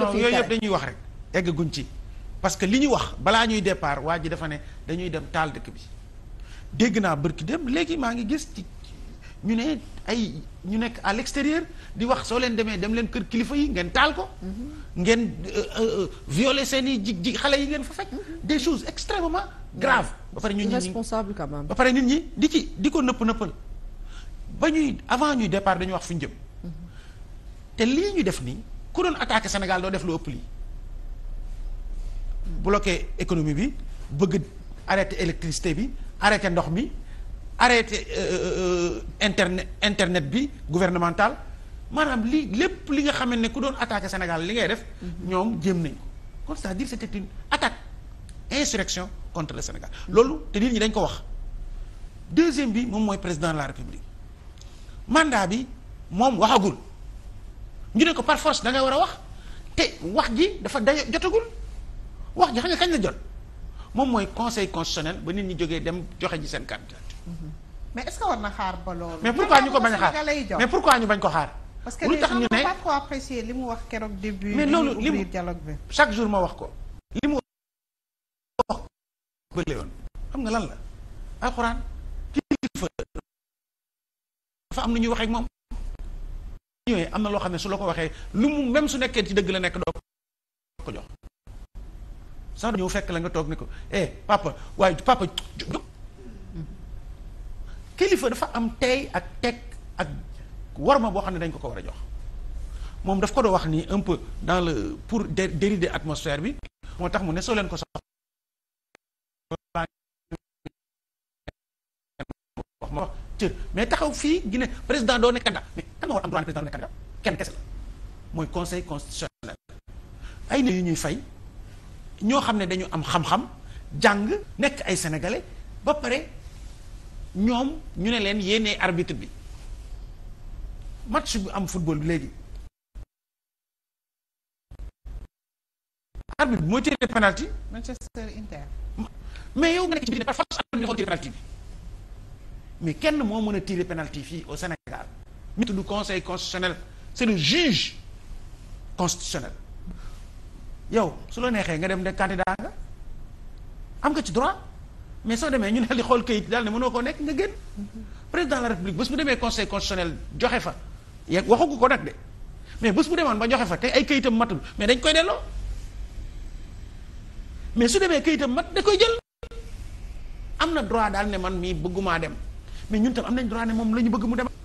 non yooyu yëpp dañuy wax rek eggaguñ ci parce que li ñu wax balaa ñuy départ waa ji dafa ne dañuy dem taal dëkk bi dégg naa bërki dem léegi maa ngi gis ci ñu ne ay ñu nekk à l'extérieur di wax soo leen demee dem leen kër kilifa yi ngeen taal ko mm-hmm. ngeen euh, euh, violer seen i ji ji xale yi ngeen fa fekk mm-hmm. des choses extrêmement graves ba pare ñun ñi responsable ba pare nit ñi di ci di ko nëpp nëppal ba ñuy avant ñuy départ dañuy wax fu ñu jëm mm-hmm. te lii ñu def nii ku doon attaqué Sénégal doo def lu ëpp lii bloqué économie bi bëgg arrêté électricité bi arrêté ndox mi arrêté euh, euh, internet internet bi gouvernemental maanaam li lépp li nga xam ne ku doon attaqué Sénégal li ngay def. ñoom jéem nañ ko kon cest dire c'était une attaque insurrection contre le Sénégal loolu te nit ñi dañ ko wax deuxième bi moom mooy président de la République mandat bi moom waxagul. ñu ne ko par force da war a wax te wax ji dafa day jotagul wax ji xam nga kañ la jot moom mooy conseil constitutionnel ba nit ñi jógee dem joxe ji seen candidature. Mm-hmm. mais est-ce war na xaar ba loolu. mais ko ñu ko bañ a xaar mais pourquoi ñu bañ ko xaar. lu tax ñu ne parce que les gens n'ont pas trop apprécié li mu wax keroog début. mais loolu li mu dialogue bi chaque jour ma wax ko. li mu wax ba xam nga lan la alxuraan kilifa dafa am lu ñuy waxee moom. ñëwee am na loo xam ne su la ko waxee lu mu même su nekkee ci dëgg la nekk doo ko jox sax ñëw fekk la nga toog ni ko eh papa waaye papa kilifa dafa am tey ak teg ak warma boo xam ne dañ ko ko war a jox moom daf ko doon wax ni un peu dans le pour dérider atmosphère bi moo tax mu ne soo leen ko soxla cër mais taxaw fii gi ne président doo nekk candidat mais kan nga war am droit ne doo nekk candidat kenn kese la mooy conseil constitutionnel ay nit yu ñuy fay ñoo xam ne dañu am xam-xam jàng nekk ay sénégalais ba pare ñoom ñu ne leen yéenee arbitre bi match bu am football bi léegi arbitre bi mooy tiré penalty Manchester Inter mais yow nga nekk ci biir par force arbitre bi xool tiré penalty bi mais kenn moo mën a tirer pénalti fii au Sénégal mi tudd conseil constitutionnel c'est le juge constitutionnel yow su la neexee nga dem de candidat nga am nga ci droit mais soo demee ñu ne xool kayit daal ne mënoo koo nekk nga génn président de la république bés bu demee conseil constitutionnel joxe fa yeeg waxugu ko nag de mais bés bu demoon ba joxe fa te ay kayitam matul mais dañ koy delloo mais su demee kayitam mat da koy jël am na droit daal ne man mii bëggumaa dem mais ñun tam am nañ droit ne moom la ñu bëgg mu